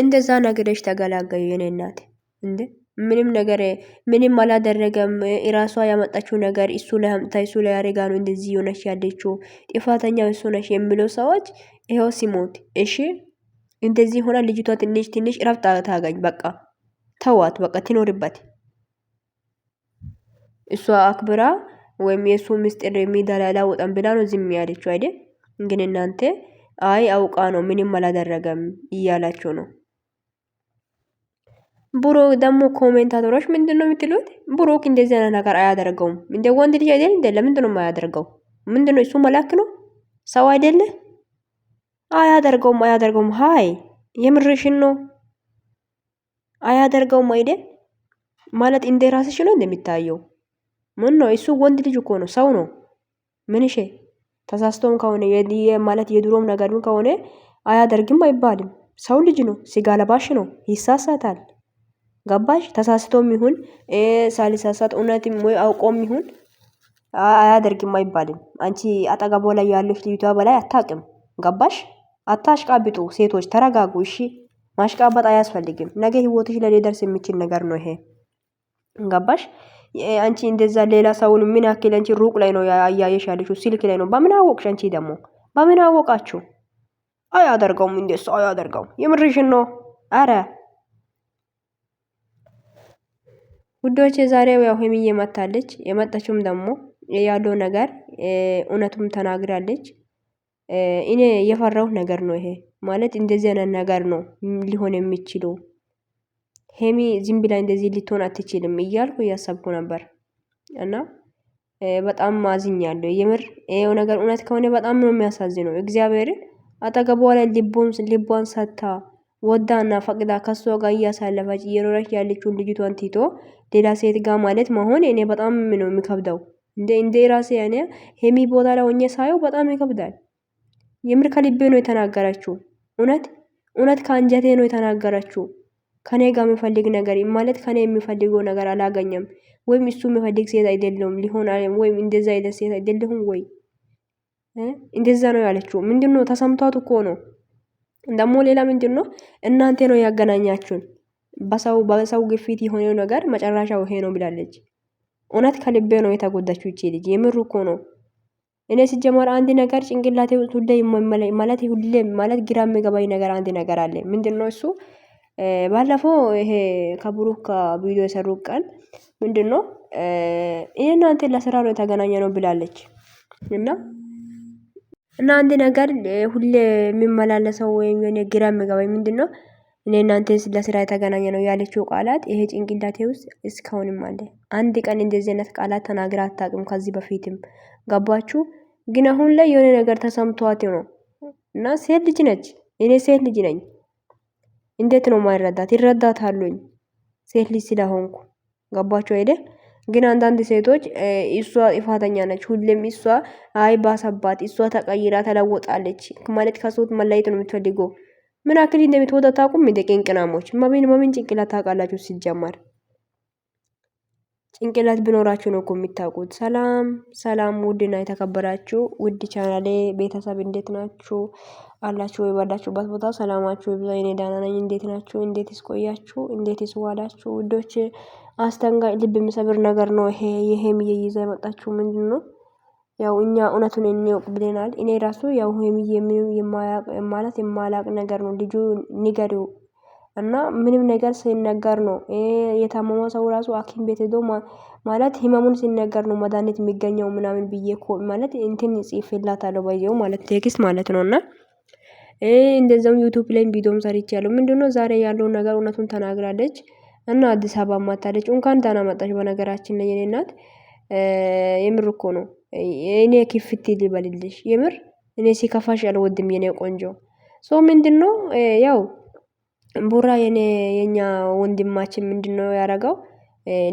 እንደዛ ነገሮች ተገላገዩ። የኔ እናት እንደ ምንም ነገር ምንም አላደረገም። የራሷ ያመጣችው ነገር እሱ ላይ አምጣ እሱ ላይ አደጋ ነው እንደዚህ የሆነች ያለችው ጥፋተኛ እሱ ነች የሚለው ሰዎች ይኸው ሲሞት፣ እሺ እንደዚህ ሆና ልጅቷ ትንሽ ትንሽ ረብጣ ታገኝ። በቃ ተዋት፣ በቃ ትኖርበት። እሷ አክብራ ወይም የእሱ ምስጢር የሚዳላላ ወጣን ብላ ነው ዝም ያለችው አይደል? ግን እናንተ አይ አውቃ ነው ምንም አላደረገም እያላችሁ ነው። ብሩክ ደግሞ ኮሜንታተሮች ምንድን ነው የምትሉት? ብሩክ እንደዚህ አይነት ነገር አያደርገውም። እንደ ወንድ ልጅ አይደል እንደ ለምንድን ነው የማያደርገው? ምንድን ነው እሱ መላክ ነው ሰው አይደለ? አያደርገውም፣ አያደርገውም። ሀይ የምርሽን ነው አያደርገውም አይደል ማለት እንደ ራስሽ ነው እንደሚታየው። ምን ነው እሱ ወንድ ልጅ እኮ ነው፣ ሰው ነው። ምንሽ ተሳስቶም ከሆነ ማለት የድሮም ነገርም ከሆነ አያደርግም አይባልም። ሰው ልጅ ነው፣ ስጋ ለባሽ ነው፣ ይሳሳታል። ገባሽ ተሳስቶም ይሁን ሳልሳሳት እውነትም ወይ አውቆም ይሁን አያደርግም አይባልም። አንቺ አጠገቧ ላይ ያለች ልዩቷ በላይ አታቅም። ገባሽ? አታሽቃብጡ። ሴቶች ተረጋጉ። እሺ ማሽቃበጥ አያስፈልግም። ነገ ህይወትሽ ላይ ሊደርስ የሚችል ነገር ነው ይሄ። ገባሽ? አንቺ እንደዛ ሌላ ሰውን ምን ያክል አንቺ ሩቅ ላይ ነው አያየሽ ያለሽው ስልክ ላይ ነው። በምን አወቅሽ? አንቺ ደግሞ በምን አወቃችሁ? አያደርገውም እንደሱ አያደርገውም። የምርሽን ነው? አረ ውዶች የዛሬው ያው ሀይሚዬ መታለች። የመጣችውም ደግሞ ያለው ነገር እውነቱም ተናግራለች። እኔ የፈራው ነገር ነው ይሄ ማለት እንደዚህ አይነት ነገር ነው ሊሆን የሚችለው። ሄሚ ዝም ብላ እንደዚህ ልትሆን አትችልም እያልኩ እያሰብኩ ነበር እና በጣም ማዝኛለሁ። የምር ይሄው ነገር እውነት ከሆነ በጣም ነው የሚያሳዝነው። እግዚአብሔርን አጠገቧ ላይ ልቧን ሰታ ወዳና ፈቅዳ ከሷ ጋር እያሳለፈች እየኖረች ያለችውን ልጅቷን ትቶ ሌላ ሴት ጋር ማለት መሆን እኔ በጣም ነው የሚከብደው። እንደ እንደ ራሴ እኔ ሄሚ ቦታ ላይ ሆኜ ሳየው በጣም ይከብዳል። የምር ከልቤ ነው የተናገረችው። እውነት እውነት ከአንጀቴ ነው የተናገረችው። ከኔ ጋር የሚፈልግ ነገር ማለት ከኔ የሚፈልገው ነገር አላገኘም፣ ወይም እሱ የሚፈልግ ሴት አይደለም ሊሆን ወይም እንደዛ አይነት ሴት አይደለሁም ወይ እንደዛ ነው ያለችው። ምንድን ነው ተሰምቷት እኮ ነው ደግሞ ሌላ ምንድን ነው? እናንተ ነው ያገናኛችሁን በሰው በሰው ግፊት የሆነው ነገር መጨረሻው ይሄ ነው ብላለች። እውነት ከልቤ ነው የተጎዳችው ይቺ ልጅ የምር እኮ ነው። እኔ ሲጀመር አንድ ነገር ጭንቅላቴ ውስጥ ሁሌ ማለት ሁሌ ማለት ግራ የሚገባኝ ነገር አንድ ነገር አለ። ምንድን ነው እሱ? ባለፈው ይሄ ከብሩክ ቪዲዮ የሰሩ ቀን ምንድን ነው ይህ እናንተ ለስራ ነው የተገናኘ ነው ብላለች እና እና አንድ ነገር ሁሌ የሚመላለሰው ወይም የሆነ ግራ የሚገባኝ ምንድን ነው እኔ እናንተ ለስራ የተገናኘ ነው ያለችው ቃላት ይሄ ጭንቅላቴ ውስጥ እስካሁንም አለ። አንድ ቀን እንደዚህ አይነት ቃላት ተናግራ አታውቅም ከዚህ በፊትም ገባችሁ። ግን አሁን ላይ የሆነ ነገር ተሰምቷት ነው እና ሴት ልጅ ነች። እኔ ሴት ልጅ ነኝ። እንዴት ነው ማይረዳት? ይረዳታሉኝ ሴት ልጅ ስለሆንኩ ገባችሁ አይደል? ግን አንዳንድ ሴቶች እሷ ጥፋተኛ ነች፣ ሁሌም እሷ አይ ባሰባት፣ እሷ ተቀይራ ተለወጣለች ማለት ከሰው መለየት ነው የምትፈልገው። ምን አክል እንደምትወጣ ታቁም። ቅንቅናሞች ማሚን ማሚን ጭንቅላት ታውቃላችሁ። ሲጀመር ጭንቅላት ቢኖራችሁ ነው እኮ የምታውቁት። ሰላም ሰላም፣ ውድና የተከበራችሁ ውድ ቻናሌ ቤተሰብ እንዴት ናችሁ? አላችሁ ወይ? ባላችሁበት ቦታ ሰላማችሁ ይብዛ። እኔ ዳና ነኝ። እንዴት ናችሁ? እንዴት ስቆያችሁ? እንዴት ይስዋላችሁ ውዶች አስደንጋጭ ልብ የሚሰብር ነገር ነው። ይሄ የሄምዬ ይዛ የመጣችው ምንድን ነው? ያው እኛ እውነቱን የሚያውቅ ብለናል። እኔ ራሱ ያው ሄምዬ ምንም ማለት የማላቅ ነገር ነው። ልጁ ንገሪው እና ምንም ነገር ሲነገር ነው የታመመው ሰው ራሱ ሐኪም ቤት ሄዶ ማለት ህመሙን ሲነገር ነው መድኃኒት የሚገኘው ምናምን ብዬ ኮ ማለት እንትን ጽፌላታለሁ ባየው ማለት ቴክስት ማለት ነው። እና እንደዛውም ዩቱብ ላይ ቪዲዮም ያለው ምንድነው ዛሬ ያለውን ነገር እውነቱን ተናግራለች። እና አዲስ አበባ ማታለች እንኳን ደህና መጣሽ። በነገራችን ላይ የኔ እናት የምር እኮ ነው። እኔ ክፍት ሊበልልሽ የምር እኔ ሲከፋሽ አልወድም የኔ ቆንጆ። ሶ ምንድነው ያው ቡራ የኔ የኛ ወንድማችን ምንድነው ያረጋው?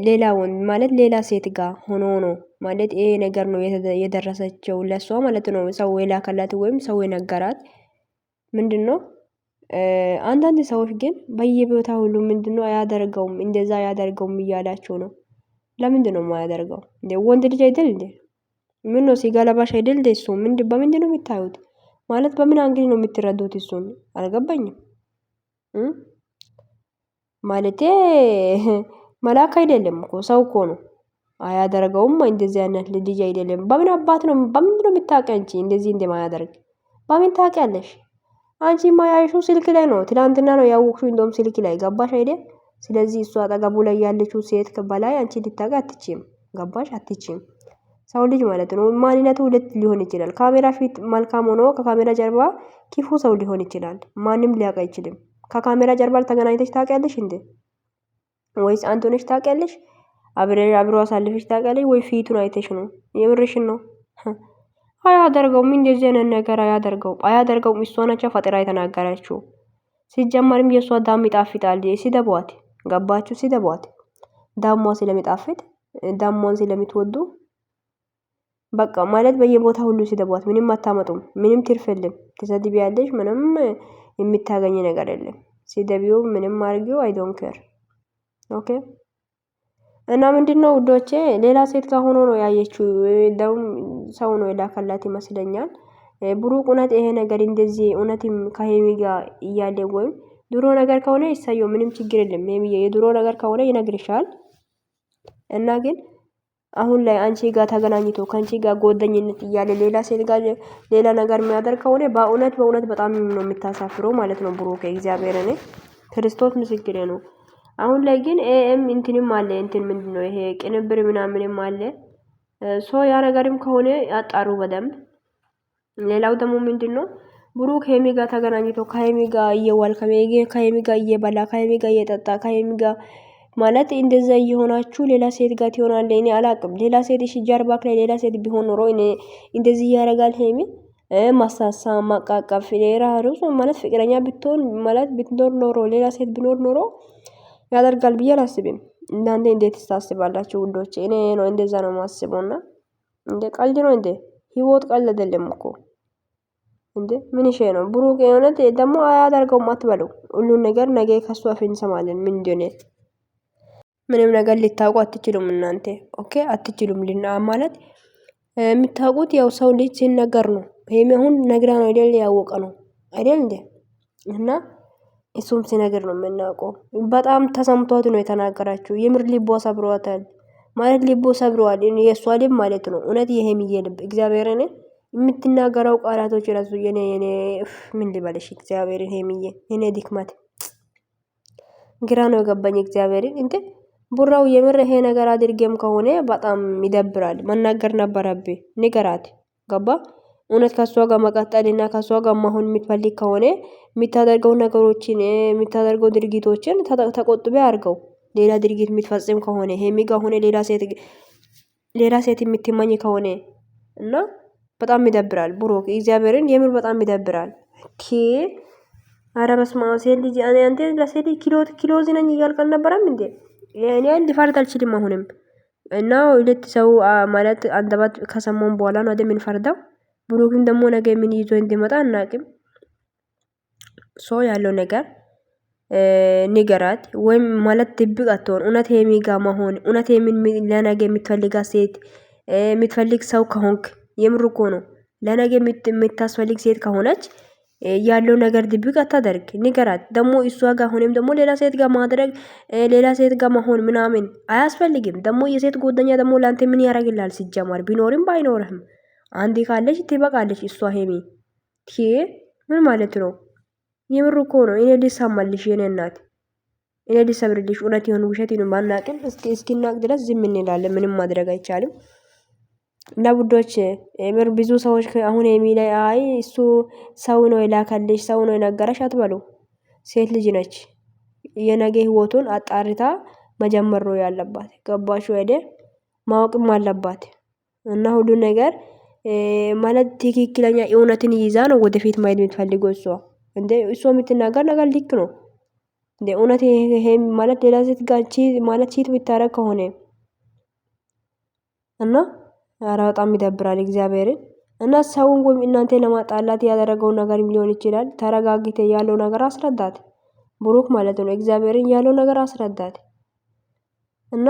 ሌላ ወንድ ማለት ሌላ ሴት ጋር ሆኖ ነው ማለት ይሄ ነገር ነው የደረሰችው ለሷ ማለት ነው። ሰው የላከላት ወይም ሰው የነገራት ምንድነው አንዳንድ ሰዎች ግን በየቦታ ሁሉ ምንድነው አያደርገውም እንደዛ አያደርገውም እያላቸው ነው። ነው የማያደርገው? እንደ ወንድ ልጅ አይደል እንዴ? ምን ነው ሲጋለባሽ አይደል እንዴ? እሱ ምንድ በምንድ ነው የሚታዩት? ማለት በምን አንግል ነው የምትረዱት? እሱን አልገባኝም። ማለቴ መላክ አይደለም እኮ ሰው እኮ ነው። አያደርገውም እንደዚህ አይነት ልጅ አይደለም። በምን አባት ነው በምንድ ነው የምታውቂ አንቺ እንደዚህ እንደማያደርግ? በምን ታውቂያለሽ? አንቺማ ያይሹ ስልክ ላይ ነው። ትላንትና ነው ያወቅሽው። እንደውም ስልክ ላይ ገባሽ አይደል? ስለዚህ እሱ አጠገቡ ላይ ያለችው ሴት በላይ አንቺ ልታውቅ አትችም። ገባሽ? አትችም። ሰው ልጅ ማለት ነው ማንነቱ ሁለት ሊሆን ይችላል። ካሜራ ፊት መልካም ሆኖ ከካሜራ ጀርባ ክፉ ሰው ሊሆን ይችላል። ማንም ሊያውቅ አይችልም። ከካሜራ ጀርባ ተገናኝተሽ ታውቂያለሽ እንዴ? ወይስ አንተ ሆነሽ ታውቂያለሽ? አብሮ አሳልፈሽ ታውቂያለሽ ወይ ፊቱን አይተሽ ነው? የምርሽን ነው? አያደርገውም እንደዚህ አይነት ነገር አያደርገውም አያደርገውም። እሷ ናቸው ፈጥራ የተናገረችው። ሲጀመርም የእሷ ዳም ይጣፍጣል። ሲደቧት ገባችሁ? ሲደቧት ዳሟን ስለሚጣፍጥ ዳሟን ስለሚትወዱ በቃ ማለት በየቦታ ሁሉ ሲደቧት ምንም አታመጡም። ምንም ትርፍልም። ያለሽ ምንም የሚታገኝ ነገር የለም። ሲደቢው ምንም አርጊው አይ ዶንት ኬር ኦኬ እና ምንድነው ውዶቼ ሌላ ሴት ጋር ሆኖ ነው ያየችው። እንደውም ሰው ነው የላከላት ይመስለኛል። ብሩክ እውነት ይሄ ነገር እንደዚህ እውነትም ከሄሚ ጋር እያለ ወይም ድሮ ነገር ከሆነ ይሳየው፣ ምንም ችግር የለም። ሄሚዬ የድሮ ነገር ከሆነ ይነግርሻል። እና ግን አሁን ላይ አንቺ ጋር ተገናኝቶ ከአንቺ ጋር ጎደኝነት እያለ ሌላ ሴት ጋር ሌላ ነገር የሚያደርግ ከሆነ በእውነት በእውነት በጣም ነው የምታሳፍረው ማለት ነው ብሩክ። እግዚአብሔር እኔ ክርስቶስ ምስክሬ ነው። አሁን ላይ ግን ኤኤም እንትንም አለ እንትን ምንድን ነው ይሄ ቅንብር ምናምንም አለ። ሶ ያ ነገርም ከሆነ ያጣሩ በደንብ። ሌላው ደግሞ ምንድን ነው ብሩ ሄሚ ጋር ተገናኝቶ ከሄሚ ጋር እየዋል ከሄሚ ጋር እየበላ ከሄሚ ጋር እየጠጣ ከሄሚ ጋር ማለት እንደዛ እየሆናችሁ ሌላ ሴት ጋር ትሆናለ። እኔ አላቅም። ሌላ ሴት እሺ፣ ጀርባክ ላይ ሌላ ሴት ቢሆን ኖሮ እንደዚህ እያደረጋል ሄሚ ማሳሳ፣ ማቃቀፍ፣ ሌራ ማለት ፍቅረኛ ብትሆን ማለት ብትኖር ኖሮ ሌላ ሴት ብኖር ኖሮ ያደርጋል ብዬ አላስብም። እናንተ እንዴት ታስባላችሁ ውዶቼ? እኔ ነው እንደዛ ነው የማስበው። እንደ ቀልድ ነው እንዴ? ህይወት ቀልድ አይደለም እኮ እንዴ! ምን ሸ ነው ብሩክ? የሆነት ደግሞ አያደርገውም አትበለው። ሁሉን ነገር ነገ ከሱ አፍ እንሰማለን ምን እንደሆነ። ምንም ነገር ልታውቁ አትችሉም እናንተ ኦኬ፣ አትችሉም ልና ማለት የምታውቁት ያው ሰው ልጅ ሲነገር ነው። ይሄም አሁን ነግራ ነው አይደል? ያወቀ ነው አይደል እንዴ? እና እሱም ሲነግር ነው የምናውቀው። በጣም ተሰምቷት ነው የተናገራችው። የምር ልቦ ሰብሯታል ማለት ልቦ ሰብረዋል። የእሷ ልብ ማለት ነው እውነት የሄምዬ ልብ እግዚአብሔርን የምትናገረው ቃላቶች ራሱ የኔ የኔ ምን ልበልሽ እግዚአብሔርን ሄምዬ የኔ ድክመት ግራ ነው የገባኝ። እግዚአብሔርን እንዴ ቡራው የምር ይሄ ነገር አድርጌም ከሆነ በጣም ይደብራል። መናገር ነበረብ ንገራት ገባ እውነት ከእሷ ጋር መቀጠል እና ከእሷ ጋር መሆን የምትፈልግ ከሆነ የምታደርገው ነገሮችን የምታደርገው ድርጊቶችን ተቆጥበ አርገው። ሌላ ድርጊት የምትፈጽም ከሆነ ሄሚጋ ሆነ ሌላ ሴት ሌላ ሴት የምትመኝ ከሆነ እና በጣም ይደብራል። ብሩክ እግዚአብሔርን የምር በጣም ይደብራል። ቲ አረ በስመ አብ ሴት ልጅ አንተ ለሴት ኪሎት ኪሎዝ ነኝ እያልከን ነበረም እንዴ? እኔ ልፈርድ አልችልም አሁንም እና ሁለት ሰው ማለት አንደበት ከሰሞን በኋላ ነው አይደል የምንፈርደው። ብሩክም ደግሞ ነገ ምን ይዞ እንዲመጣ አናቅም። ሶ ያለው ነገር ንገራት ወይም ማለት ድብቅ አትሆን። እውነት የሚጋ መሆን እውነት ለነገ የምትፈልጋ ሴት የምትፈልግ ሰው ከሆንክ የምር እኮ ነው። ለነገ የምታስፈልግ ሴት ከሆነች ያለው ነገር ድብቅ አታደርግ፣ ንገራት። ደግሞ እሷ ጋ ሆነም ደግሞ ሌላ ሴት ጋር ማድረግ ሌላ ሴት ጋር መሆን ምናምን አያስፈልግም። ደግሞ የሴት ጎደኛ ደግሞ ለአንተ ምን ያደርግላል ሲጀማር ቢኖርም ባይኖርህም አንዴ ካለች ትበቃለች። እሷ ሄሚ ቴ ምን ማለት ነው? የምር እኮ ነው። እኔ ልሳማልሽ የኔ እናት፣ እኔ ልሰብርልሽ። እውነት ይሁን ውሸት ይሁን ባናቅም እስኪናቅ ድረስ ዝም እንላለን። ምንም ማድረግ አይቻልም። ለቡዶች ቡዶች የምር ብዙ ሰዎች አሁን ሄሚ ላይ አይ እሱ ሰው ነው የላከልሽ ሰው ነው የነገረሽ አትበሉ። ሴት ልጅ ነች። የነገ ህይወቱን አጣርታ መጀመር ነው ያለባት። ገባሽ ወደ ማወቅም አለባት እና ሁሉ ነገር ማለት ትክክለኛ እውነትን ይዛ ነው ወደፊት ማየት የምትፈልገው እሷ። እንደ እሷ የምትናገር ነገር ልክ ነው እንደ እውነት ይሄ ማለት ሌላ ሴት ጋር ማለት ሴት ብታረግ ከሆነ እና አረ በጣም ይደብራል እግዚአብሔርን እና ሰውን ወይም እናንተ ለማጣላት ያደረገውን ነገር ሊሆን ይችላል። ተረጋግተ ያለው ነገር አስረዳት፣ ብሩክ ማለት ነው። እግዚአብሔርን ያለው ነገር አስረዳት እና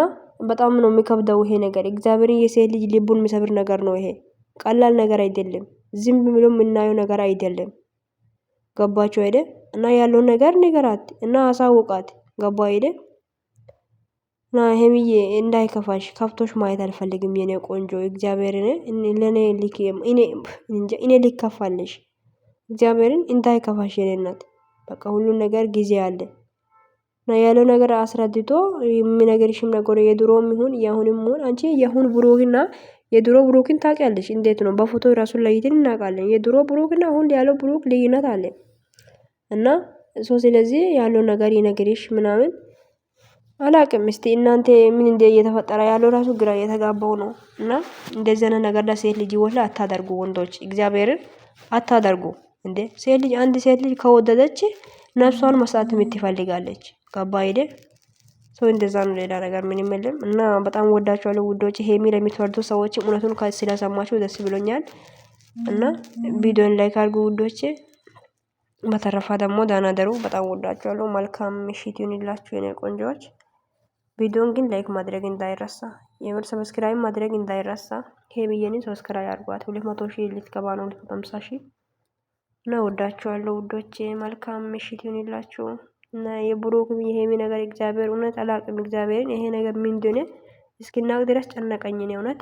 በጣም ነው የሚከብደው ይሄ ነገር። እግዚአብሔርን የሴት ልጅ ልቡን የሚሰብር ነገር ነው ይሄ። ቀላል ነገር አይደለም። ዝም ብሎ የምናየው ነገር አይደለም። ገባችሁ አይደ? እና ያለው ነገር ንገራት እና አሳውቃት። ገባ አይደ? እና ሀይሚዬ እንዳይከፋሽ፣ ከብቶች ማየት አልፈልግም የኔ ቆንጆ። እግዚአብሔርን ለእኔ እኔ ሊከፋልሽ እግዚአብሔርን እንዳይከፋሽ የኔ ናት። በቃ ሁሉ ነገር ጊዜ አለ እና ያለው ነገር አስረድቶ የሚነገርሽም ነገር የድሮም ይሁን የአሁንም ይሁን አንቺ የአሁን ብሩህና የድሮ ብሩክን ታውቂያለሽ? እንዴት ነው በፎቶ ራሱን ለይተን እናውቃለን። የድሮ ብሩክና አሁን ያለው ብሩክ ልዩነት አለ እና ሶ ስለዚህ ያለው ነገር ይነግርሽ ምናምን አላቅም። እስቲ እናንተ ምን እንደ እየተፈጠረ ያለው ራሱ ግራ እየተጋባው ነው። እና እንደዘነ አይነት ነገር ለሴት ልጅ ወላ አታደርጉ ወንዶች፣ እግዚአብሔርን አታደርጉ እንዴ። ሴት ልጅ አንድ ሴት ልጅ ከወደደች ነፍሷን መስዋዕት የምትፈልጋለች። ገባ አይደ ሰው እንደዛ ነው። ሌላ ነገር ምን ይመልም እና በጣም ወዳችኋለሁ ውዶች። ይሄ ሚል የሚትወርዱ ሰዎችም እውነቱን ስለሰማችሁ ደስ ብሎኛል እና ቪዲዮን ላይክ አድርጉ ውዶች። በተረፋ ደግሞ ደህና ደሩ። በጣም ወዳችኋለሁ። መልካም ምሽት ይሁንላችሁ የኔ ቆንጆዎች። ቪዲዮን ግን ላይክ ማድረግ እንዳይረሳ፣ የምር ሰብስክራይብ ማድረግ እንዳይረሳ። ይሄ ብዬን ሰብስክራይብ አድርጓት። ሁለት መቶ ሺህ ልትገባ ነው፣ ሁለት መቶ ሃምሳ ሺህ እና ወዳችኋለሁ ውዶች። መልካም ምሽት ይሁንላችሁ። እና የብሩክም ይሄሚ ነገር እግዚአብሔር እውነት አላቅም። እግዚአብሔርን ይሄ ነገር ምንድን እስኪናቅ ድረስ ጨነቀኝን እውነት